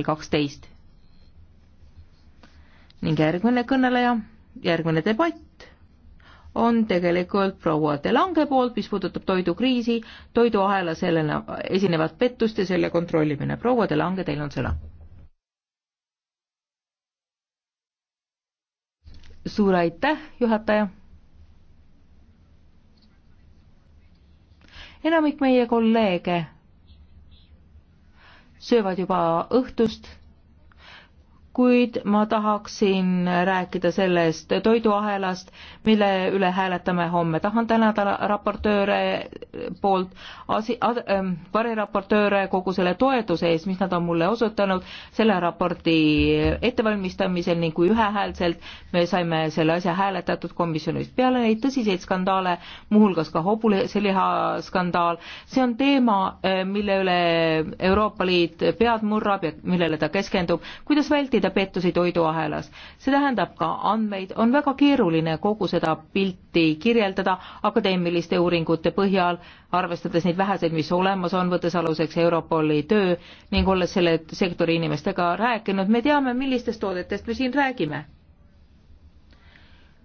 kaksteist. ning järgmine kõneleja, järgmine debatt on tegelikult proua Delange poolt, mis puudutab toidukriisi, toiduahela sellena esinevat pettust ja selle kontrollimine. proua Delange, teil on sõna. suur aitäh, juhataja. enamik meie kolleege söövad juba õhtust kuid ma tahaksin rääkida sellest toiduahelast, mille üle hääletame homme. tahan tänada raportööre poolt, asi- ähm,, variraportööre kogu selle toetuse eest, mis nad on mulle osutanud selle raporti ettevalmistamisel ning kui ühehäälselt me saime selle asja hääletatud komisjonist. peale neid tõsiseid skandaale, muuhulgas ka hobuseliha skandaal, see on teema, äh, mille üle Euroopa Liit pead murrab ja millele ta keskendub, kuidas vältida vältida pettusi toiduahelas. see tähendab ka andmeid, on väga keeruline kogu seda pilti kirjeldada akadeemiliste uuringute põhjal, arvestades neid väheseid, mis olemas on, võttes aluseks Europoli töö ning olles selle sektori inimestega rääkinud, me teame, millistest toodetest me siin räägime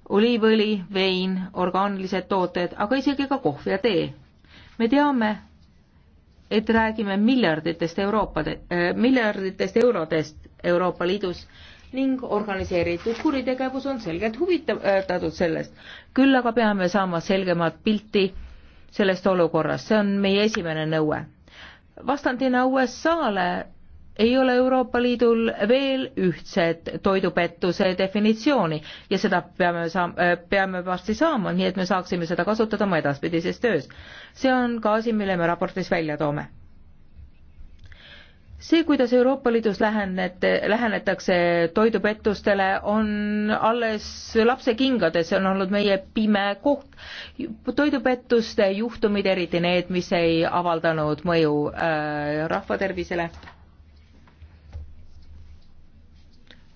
oliivõli, vein, orgaanilised tooted, aga isegi ka kohv ja tee. me teame, et räägime miljarditest Euroopa, eh, miljarditest eurodest Euroopa Liidus ning organiseeritud kuritegevus on selgelt huvitatud sellest. küll aga peame saama selgemat pilti sellest olukorrast, see on meie esimene nõue. vastandina USA-le ei ole Euroopa Liidul veel ühtset toidupettuse definitsiooni ja seda peame saama, peame varsti saama, nii et me saaksime seda kasutada oma edaspidises töös. see on ka asi, mille me raportis välja toome see, kuidas Euroopa Liidus lähenete, lähenetakse toidupettustele, on alles lapsekingades, see on olnud meie pime koht. toidupettuste juhtumid, eriti need, mis ei avaldanud mõju äh, rahvatervisele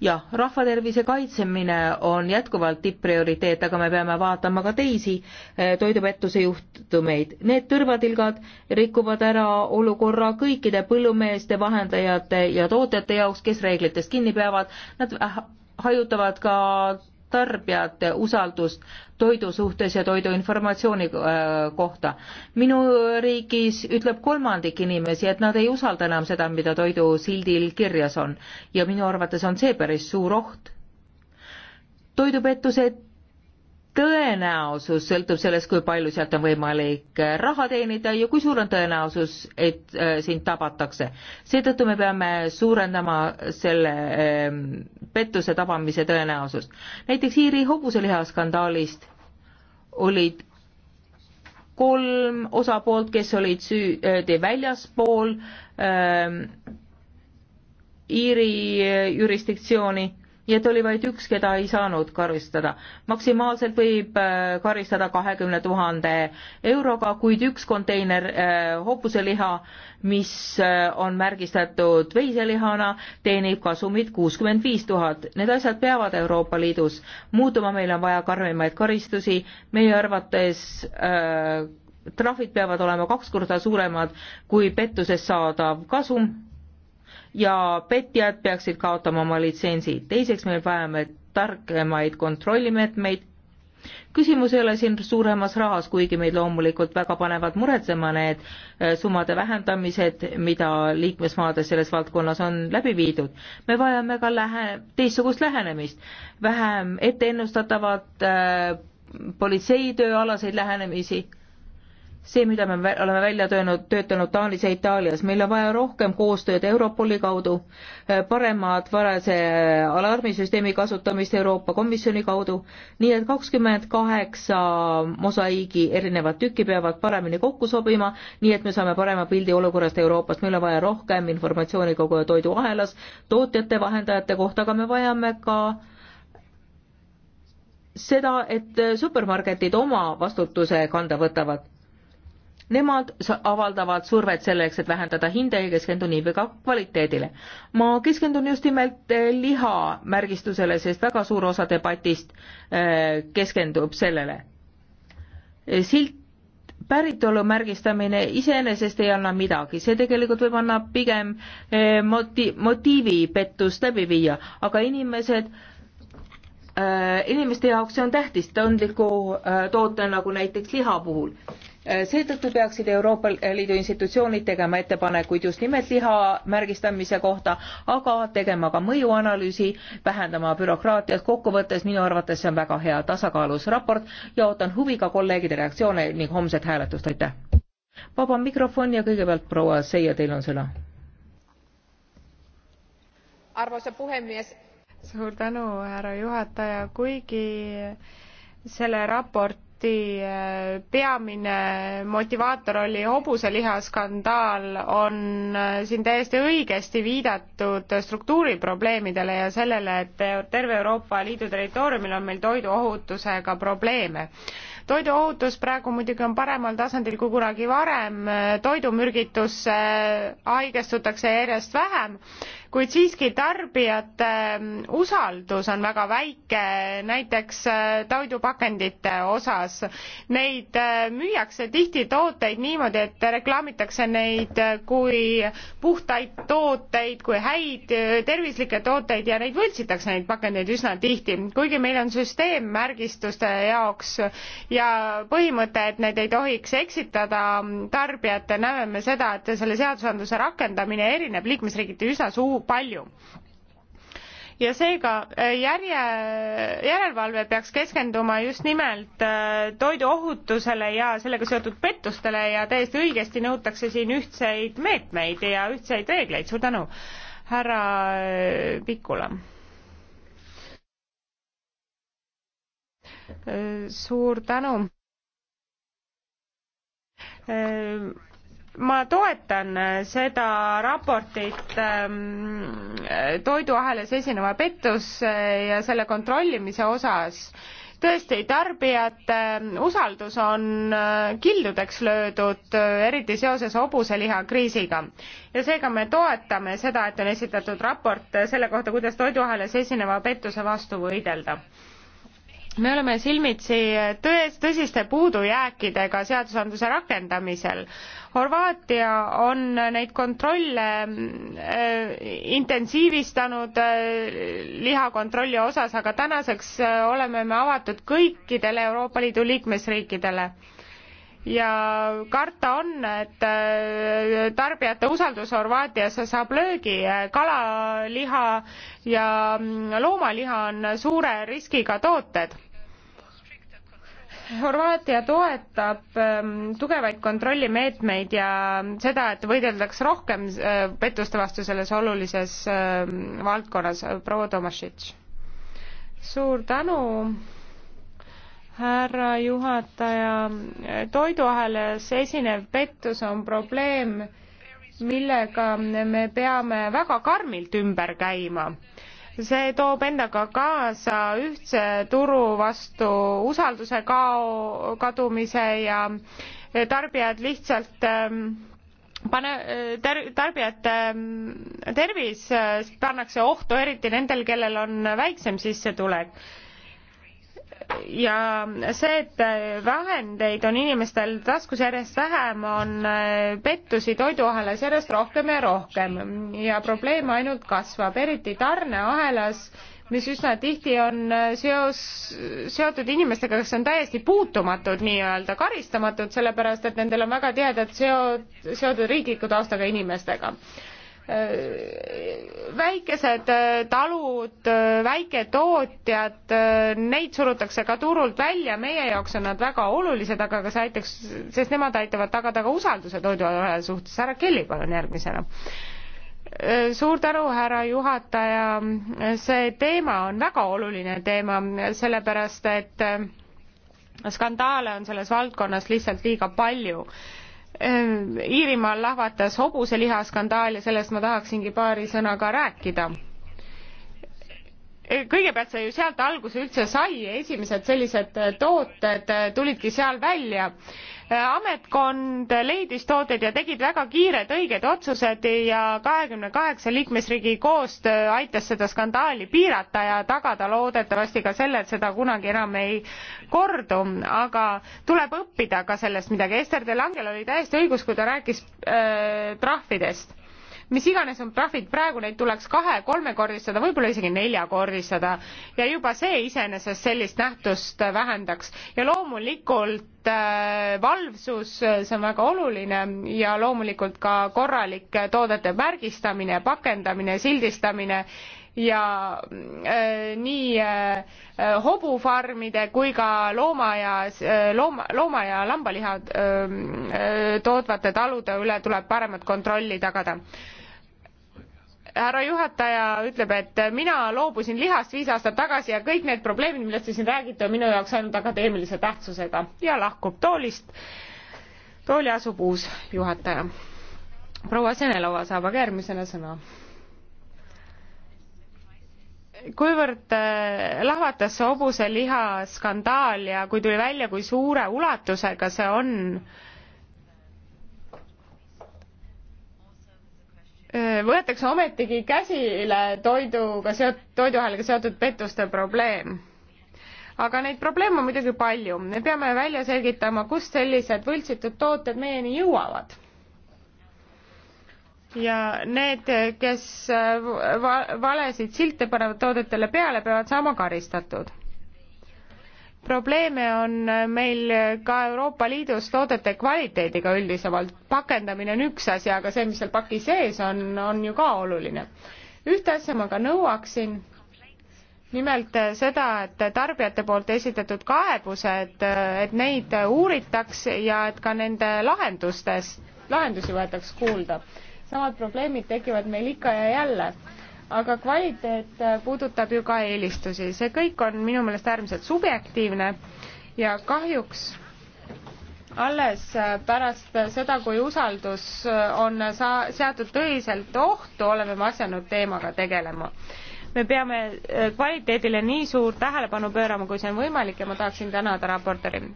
jah, rahvatervise kaitsemine on jätkuvalt tipprioriteet, aga me peame vaatama ka teisi eh, toidupettuse juhtumeid. Need tõrvatilgad rikuvad ära olukorra kõikide põllumeeste, vahendajate ja tootjate jaoks, kes reeglitest kinni peavad. Nad hajutavad ka tarbijate usaldust toidu suhtes ja toidu informatsiooni äh, kohta. minu riigis ütleb kolmandik inimesi, et nad ei usalda enam seda, mida toidu sildil kirjas on ja minu arvates on see päris suur oht. toidupettused tõenäosus sõltub sellest, kui palju sealt on võimalik äh, raha teenida ja kui suur on tõenäosus, et äh, sind tabatakse. seetõttu me peame suurendama selle ähm, pettuse tabamise tõenäosust. näiteks Iiri hobuseliha skandaalist olid kolm osapoolt, kes olid süüdi väljaspool ähm, Iiri äh, jurisdiktsiooni nii et oli vaid üks, keda ei saanud karistada. maksimaalselt võib äh, karistada kahekümne tuhande euroga, kuid üks konteiner äh, hobuseliha, mis äh, on märgistatud veiselihana, teenib kasumit kuuskümmend viis tuhat. Need asjad peavad Euroopa Liidus muutuma, meil on vaja karmimaid karistusi, meie arvates äh, trahvid peavad olema kaks korda suuremad kui pettusest saadav kasum ja petjad peaksid kaotama oma litsentsi. teiseks me vajame targemaid kontrollimeetmeid. küsimus ei ole siin suuremas rahas, kuigi meid loomulikult väga panevad muretsema need eh, summade vähendamised, mida liikmesmaades selles valdkonnas on läbi viidud. me vajame ka lähe-, teistsugust lähenemist, vähem etteennustatavat äh, eh, politseitööalaseid lähenemisi see, mida me oleme välja töönud, töötanud Taanis ja Itaalias, meil on vaja rohkem koostööd Europoli kaudu, paremat varase alarmisüsteemi kasutamist Euroopa Komisjoni kaudu, nii et kakskümmend kaheksa mosaiigi erinevat tükki peavad paremini kokku sobima, nii et me saame parema pildi olukorrast Euroopast, meil on vaja rohkem informatsiooni kogu toiduahelas, tootjate, vahendajate kohta, aga me vajame ka seda, et supermarketid oma vastutuse kanda võtavad Nemad avaldavad survet selleks, et vähendada hinde ja keskendun nii või ka kvaliteedile. ma keskendun just nimelt eh, liha märgistusele, sest väga suur osa debatist eh, keskendub sellele. Eh, silt päritolu märgistamine iseenesest ei anna midagi, see tegelikult võib anna pigem moti-, motiivi pettust läbi viia, aga inimesed inimeste jaoks see on tähtis, tundliku toote nagu näiteks liha puhul seetõttu peaksid euroopa liidu institutsioonid tegema ettepanekuid just nimelt liha märgistamise kohta aga tegema ka mõjuanalüüsi vähendama bürokraatiat kokkuvõttes minu arvates see on väga hea tasakaalus raport ja ootan huviga kolleegide reaktsioone ning homset hääletust aitäh vaba mikrofon ja kõigepealt proua Seia teil on sõna arvoisa puhemies suur tänu härra juhataja kuigi selle raport Briti äh, peamine motivaator oli hobuselihaskandaal, on äh, siin täiesti õigesti viidatud struktuuriprobleemidele ja sellele, et terve Euroopa Liidu territooriumil on meil toiduohutusega probleeme toiduohutus praegu muidugi on paremal tasandil kui kunagi varem, toidumürgitusse haigestutakse järjest vähem kuid siiski tarbijate ähm, usaldus on väga väike, näiteks äh, toidupakendite osas. Neid äh, müüakse tihti tooteid niimoodi, et reklaamitakse neid äh, kui puhtaid tooteid, kui häid tervislikke tooteid ja neid võltsitakse, neid pakendeid üsna tihti, kuigi meil on süsteem märgistuste jaoks ja põhimõte, et need ei tohiks eksitada tarbijate, näeme me seda, et selle seadusandluse rakendamine erineb liikmesriigiti üsna suur, palju ja seega äh, järje, järelevalve peaks keskenduma just nimelt äh, toiduohutusele ja sellega seotud pettustele ja täiesti õigesti nõutakse siin ühtseid meetmeid ja ühtseid reegleid. suur tänu, härra äh, Pikula. suur tänu ma toetan seda raportit ähm, toiduahelas esineva pettuse ja selle kontrollimise osas. tõesti, tarbijate ähm, usaldus on äh, kildudeks löödud, äh, eriti seoses hobuselihakriisiga. ja seega me toetame seda, et on esitatud raport selle kohta, kuidas toiduahelas esineva pettuse vastu võidelda me oleme silmitsi tões, tõsiste puudujääkidega seadusandluse rakendamisel. Horvaatia on neid kontrolle äh, intensiivistanud äh, lihakontrolli osas, aga tänaseks äh, oleme me avatud kõikidele Euroopa Liidu liikmesriikidele äh, ja karta on, et äh, tarbijate usaldus Horvaatias saab löögi. kalaliha ja mm, loomaliha on suure riskiga tooted Horvaatia toetab ähm, tugevaid kontrollimeetmeid ja seda, et võideldaks rohkem äh, pettuste vastu selles olulises ähm, valdkonnas. proua Tomašitš. suur tänu härra juhataja, toiduahelas esinev pettus on probleem, millega me peame väga karmilt ümber käima see toob endaga kaasa ühtse turu vastu usalduse kao kadumise ja tarbijad lihtsalt ähm, pane ter, tarbijate ähm, tervis äh, pannakse ohtu, eriti nendel, kellel on väiksem sissetulek ja see, et vahendeid on inimestel taskus järjest vähem, on äh, pettusi toiduahelas järjest rohkem ja rohkem ja probleem ainult kasvab, eriti tarneahelas, mis üsna tihti on äh, seos, seotud inimestega, kes on täiesti puutumatud nii-öelda, karistamatud, sellepärast et nendel on väga tihedad seo-, seotud riikliku taustaga inimestega Äh, väikesed äh, talud, äh, väiketootjad, neid surutakse ka turult välja, meie jaoks on nad väga olulised, aga kas aitaks, sest nemad aitavad tagada ka usalduse toidualale suhtes. härra Kelly, palun järgmisena. suur tänu, härra juhataja, see teema on väga oluline teema, sellepärast et skandaale on selles valdkonnas lihtsalt liiga palju Äh, Iirimaal lahvatas hobuselihaskandaal ja sellest ma tahaksingi paari sõnaga rääkida. Äh, kõigepealt see ju sealt alguse üldse sai, esimesed sellised tooted äh, tulidki seal välja ametkond leidis tooted ja tegid väga kiired õiged otsused ja kahekümne kaheksa liikmesriigi koostöö aitas seda skandaali piirata ja tagada loodetavasti ka selle, et seda kunagi enam ei kordu, aga tuleb õppida ka sellest midagi. Ester de Langel oli täiesti õigus, kui ta rääkis äh, trahvidest mis iganes on trahvid, praegu neid tuleks kahe-kolmekordistada, võib-olla isegi neljakordistada ja juba see iseenesest sellist nähtust vähendaks. ja loomulikult äh, valvsus, see on väga oluline ja loomulikult ka korralik toodete märgistamine, pakendamine, sildistamine ja äh, nii äh, hobufarmide kui ka looma ja äh, looma, looma ja lambaliha äh, äh, tootvate talude üle tuleb paremat kontrolli tagada härra juhataja ütleb, et mina loobusin lihast viis aastat tagasi ja kõik need probleemid, millest te siin räägite, on minu jaoks ainult akadeemilise tähtsusega ja lahkub toolist. tooli asub uus juhataja. proua Senelova saab aga järgmisena sõna kuivõrd äh, lahvatas see hobuseliha skandaal ja kui tuli välja, kui suure ulatusega see on äh, võetakse ometigi käsile toiduga seot-, toiduahelaga seotud pettuste probleem. aga neid probleeme on muidugi palju, me peame välja selgitama, kust sellised võltsitud tooted meieni jõuavad. ja need, kes va-, valesid silte panevad toodetele peale, peavad saama karistatud probleeme on meil ka Euroopa Liidus toodete kvaliteediga üldisemalt. pakendamine on üks asi, aga see, mis seal paki sees on, on ju ka oluline. ühte asja ma ka nõuaksin, nimelt seda, et tarbijate poolt esitatud kaebused, et neid uuritaks ja et ka nende lahendustes, lahendusi võetaks kuulda. samad probleemid tekivad meil ikka ja jälle aga kvaliteet puudutab ju ka eelistusi, see kõik on minu meelest äärmiselt subjektiivne ja kahjuks alles pärast seda, kui usaldus on sa-, seatud tõeliselt ohtu, oleme me asjanud teemaga tegelema. me peame äh, kvaliteedile nii suurt tähelepanu pöörama, kui see on võimalik ja ma tahaksin tänada raportööri.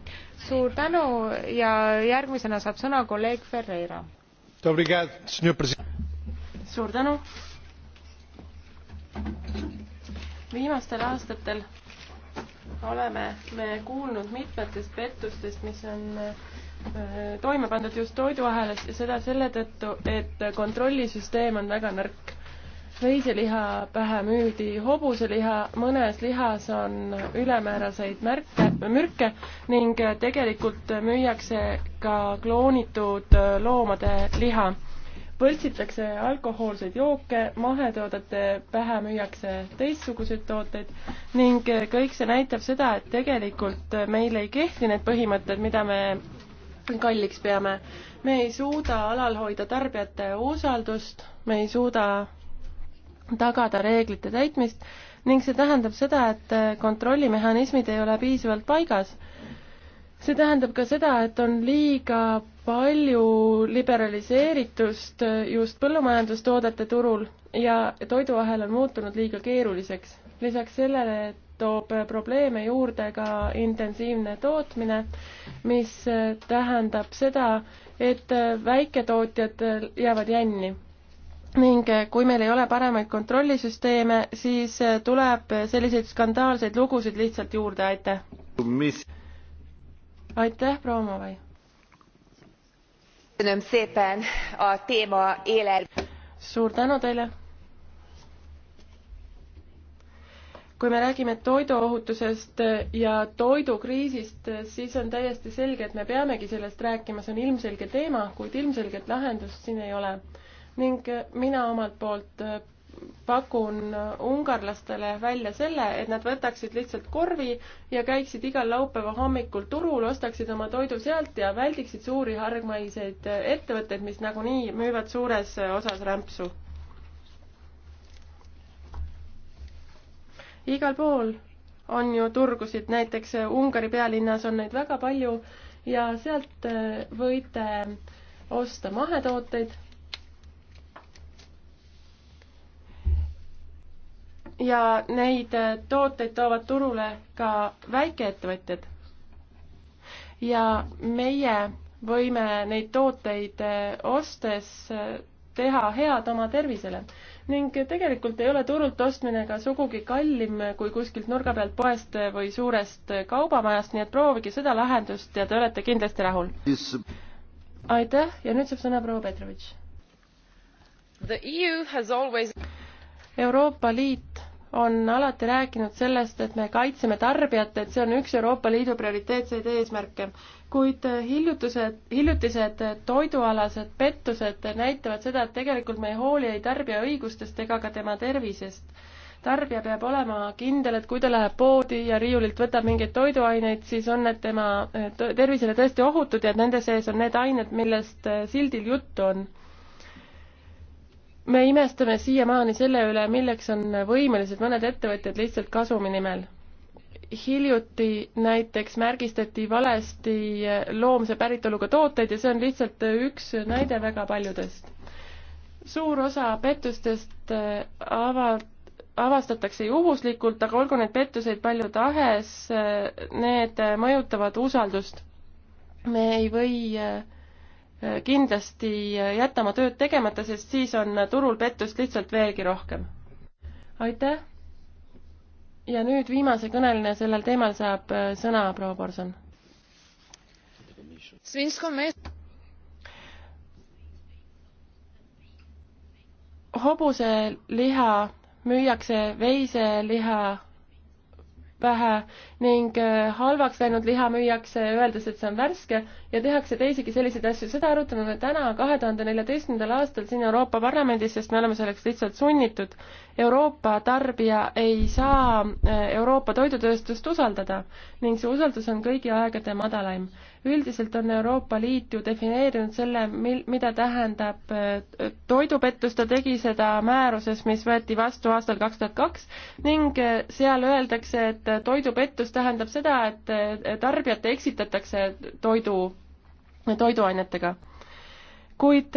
suur tänu ja järgmisena saab sõna kolleeg Ferreira. suur tänu viimastel aastatel oleme me kuulnud mitmetest pettustest, mis on äh, toime pandud just toiduahelas ja seda selle tõttu, et kontrollisüsteem on väga nõrk. veiseliha pähe müüdi hobuseliha, mõnes lihas on ülemääraseid märke, mürke ning tegelikult müüakse ka kloonitud äh, loomade liha võltsitakse alkohoolseid jooke, mahetoodete pähe müüakse teistsuguseid tooteid ning kõik see näitab seda, et tegelikult meil ei kehti need põhimõtted, mida me kalliks peame. me ei suuda alal hoida tarbijate usaldust, me ei suuda tagada reeglite täitmist ning see tähendab seda, et kontrollimehhanismid ei ole piisavalt paigas. see tähendab ka seda, et on liiga palju liberaliseeritust just põllumajandustoodete turul ja toiduahel on muutunud liiga keeruliseks. lisaks sellele toob probleeme juurde ka intensiivne tootmine, mis tähendab seda, et väiketootjad jäävad jänni ning kui meil ei ole paremaid kontrollisüsteeme, siis tuleb selliseid skandaalseid lugusid lihtsalt juurde, aitäh. aitäh, proua Omavai a téma élel. suur tänu teile. kui me räägime toiduohutusest ja toidukriisist, siis on täiesti selge, et me peamegi sellest rääkima, see on ilmselge teema, kuid ilmselget lahendust siin ei ole. ning mina omalt poolt pakun ungarlastele välja selle, et nad võtaksid lihtsalt korvi ja käiksid igal laupäeva hommikul turul, ostaksid oma toidu sealt ja väldiksid suuri hargmaiseid ettevõtteid, mis nagunii müüvad suures osas rämpsu. igal pool on ju turgusid, näiteks Ungari pealinnas on neid väga palju ja sealt võite osta mahetooteid ja neid tooteid toovad turule ka väikeettevõtjad. ja meie võime neid tooteid eh, ostes eh, teha head oma tervisele ning tegelikult ei ole turult ostmine ka sugugi kallim kui kuskilt nurga pealt poest või suurest kaubamajast, nii et proovige seda lahendust ja te olete kindlasti rahul. aitäh ja nüüd saab sõna proua Petrovitš. E always... Euroopa Liit on alati rääkinud sellest, et me kaitseme tarbijat, et see on üks Euroopa Liidu prioriteetseid eesmärke. kuid hiljutused, hiljutised toidualased pettused näitavad seda, et tegelikult me ei hooli ei tarbija õigustest ega ka tema tervisest. tarbija peab olema kindel, et kui ta läheb poodi ja riiulilt võtab mingeid toiduaineid, siis on need tema tervisele tõesti ohutud ja et nende sees on need ained, millest sildil juttu on me imestame siiamaani selle üle, milleks on võimelised mõned ettevõtjad lihtsalt kasumi nimel. hiljuti näiteks märgistati valesti loomse päritoluga tooteid ja see on lihtsalt üks näide väga paljudest. suur osa pettustest äh, avalt avastatakse juhuslikult, aga olgu neid pettuseid palju tahes, äh, need äh, mõjutavad usaldust. me ei või äh, kindlasti jätta oma tööd tegemata, sest siis on turul pettust lihtsalt veelgi rohkem. aitäh! ja nüüd viimase kõneline sellel teemal saab äh, sõna proua Borson. hobuseliha müüakse veiseliha pähe ning äh, halvaks läinud liha müüakse, öeldes, et see on värske ja tehakse teisigi selliseid asju. seda arutame me täna, kahe tuhande neljateistkümnendal aastal siin Euroopa Parlamendis, sest me oleme selleks lihtsalt sunnitud. Euroopa tarbija ei saa äh, Euroopa toidutööstust usaldada ning see usaldus on kõigi aegade madalaim üldiselt on Euroopa Liit ju defineerinud selle, mil-, mida tähendab äh, toidupettus, ta tegi seda määruses, mis võeti vastu aastal kaks tuhat kaks ning äh, seal öeldakse, et äh, toidupettus tähendab seda, et tarbijat eksitatakse toidu, toiduainetega. kuid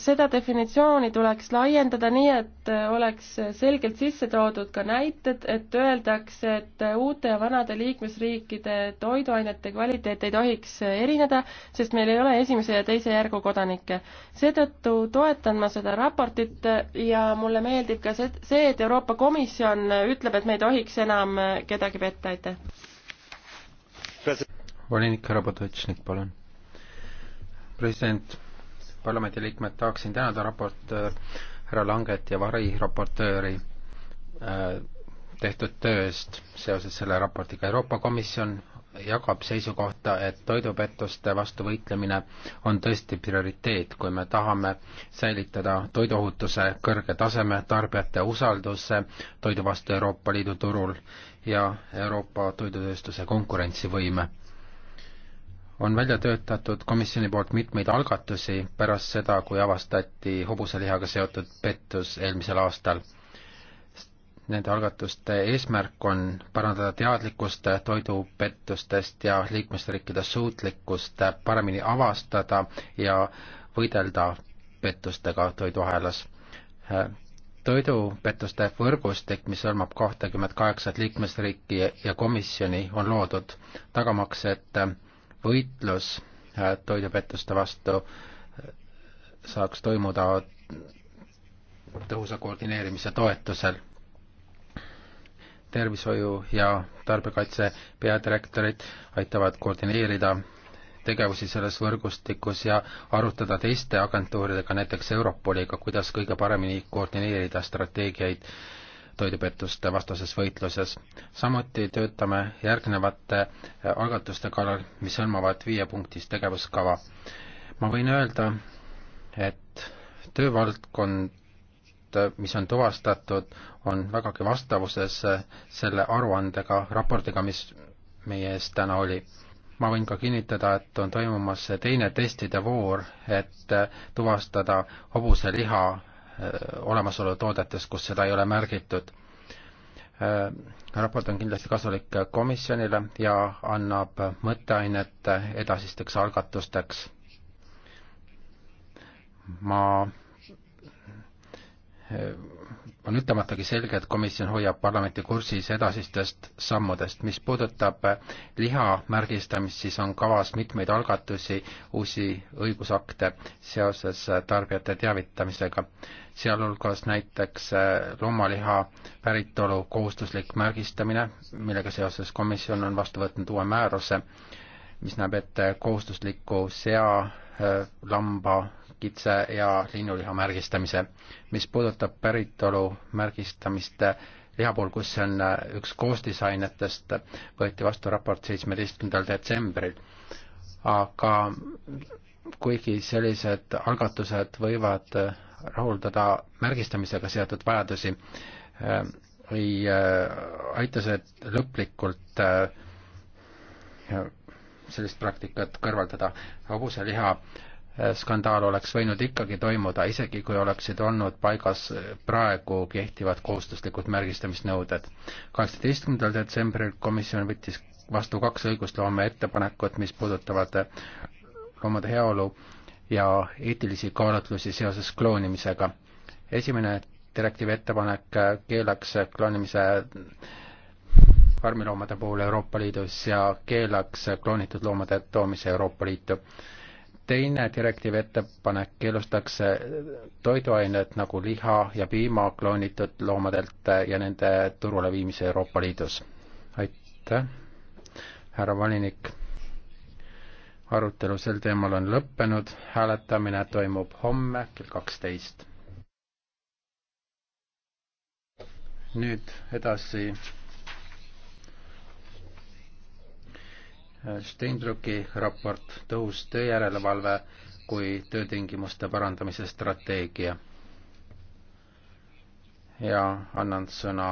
seda definitsiooni tuleks laiendada nii, et oleks selgelt sisse toodud ka näited, et öeldakse, et uute ja vanade liikmesriikide toiduainete kvaliteet ei tohiks erineda, sest meil ei ole esimese ja teise järgu kodanikke. seetõttu toetan ma seda raportit ja mulle meeldib ka see, et Euroopa Komisjon ütleb, et me ei tohiks enam kedagi petta, aitäh. volinik Rabotovitšnik, palun. president parlamendiliikmed, tahaksin tänada raportöör äh, härra Langet ja variraportööri äh, tehtud töö eest seoses selle raportiga. Euroopa Komisjon jagab seisukohta, et toidupettuste vastu võitlemine on tõesti prioriteet, kui me tahame säilitada toiduohutuse kõrge taseme, tarbijate usalduse toidu vastu Euroopa Liidu turul ja Euroopa toidutööstuse konkurentsivõime on välja töötatud komisjoni poolt mitmeid algatusi pärast seda, kui avastati hobuselihaga seotud pettus eelmisel aastal. Nende algatuste eesmärk on parandada teadlikkust toidupettustest ja liikmesriikide suutlikkust paremini avastada ja võidelda pettustega toiduahelas. toidupettuste võrgustik, mis hõlmab kahtekümmet kaheksat liikmesriiki ja komisjoni, on loodud tagamaks, et võitlus toidupettuste vastu saaks toimuda tõhusa koordineerimise toetusel. tervishoiu ja tarbijakaitse peadirektorid aitavad koordineerida tegevusi selles võrgustikus ja arutada teiste agentuuridega, näiteks Europoliga, kuidas kõige paremini koordineerida strateegiaid toidupettuste vastases võitluses. samuti töötame järgnevate äh, algatuste kallal, mis hõlmavad viiepunktist tegevuskava. ma võin öelda, et töövaldkond äh, mis on tuvastatud, on vägagi vastavuses äh, selle aruandega, raportiga, mis meie ees täna oli. ma võin ka kinnitada, et on toimumas teine testide voor, et tuvastada hobuseliha Äh, olemasolu toodetes, kus seda ei ole märgitud. Äh, raport on kindlasti kasulik komisjonile ja annab mõtteainet edasisteks algatusteks. ma äh, on ütlematagi selge, et komisjon hoiab parlamenti kursis edasistest sammudest. mis puudutab liha märgistamist, siis on kavas mitmeid algatusi, uusi õigusakte seoses tarbijate teavitamisega, sealhulgas näiteks loomaliha päritolu kohustuslik märgistamine, millega seoses komisjon on vastu võtnud uue määruse, mis näeb ette kohustusliku sea, lamba, kitse- ja linnuliha märgistamise. mis puudutab päritolu märgistamist liha puhul, kus see on äh, üks koostisainetest, võeti vastu raport seitsmeteistkümnendal detsembril. aga kuigi sellised algatused võivad äh, rahuldada märgistamisega seotud vajadusi, äh, ei aita see lõplikult sellist praktikat kõrvaldada. hobuseliha äh, Äh, skandaal oleks võinud ikkagi toimuda, isegi kui oleksid olnud paigas praegu kehtivad kohustuslikud märgistamisnõuded. kaheksateistkümnendal detsembril komisjon võttis vastu kaks õigusloome ettepanekut, mis puudutavad loomade heaolu ja eetilisi kaalutlusi seoses kloonimisega. esimene direktiivi ettepanek keelaks kloonimise farmiloomade puhul Euroopa Liidus ja keelaks kloonitud loomade toomise Euroopa Liitu teine direktiivi ettepanek keelustatakse toiduained nagu liha ja piima kloonitud loomadelt ja nende turule viimise Euroopa Liidus. aitäh, härra volinik. arutelu sel teemal on lõppenud, hääletamine toimub homme kell kaksteist. nüüd edasi Steinbrücki raport Tõhus tööjärelevalve kui töötingimuste parandamise strateegia. ja annan sõna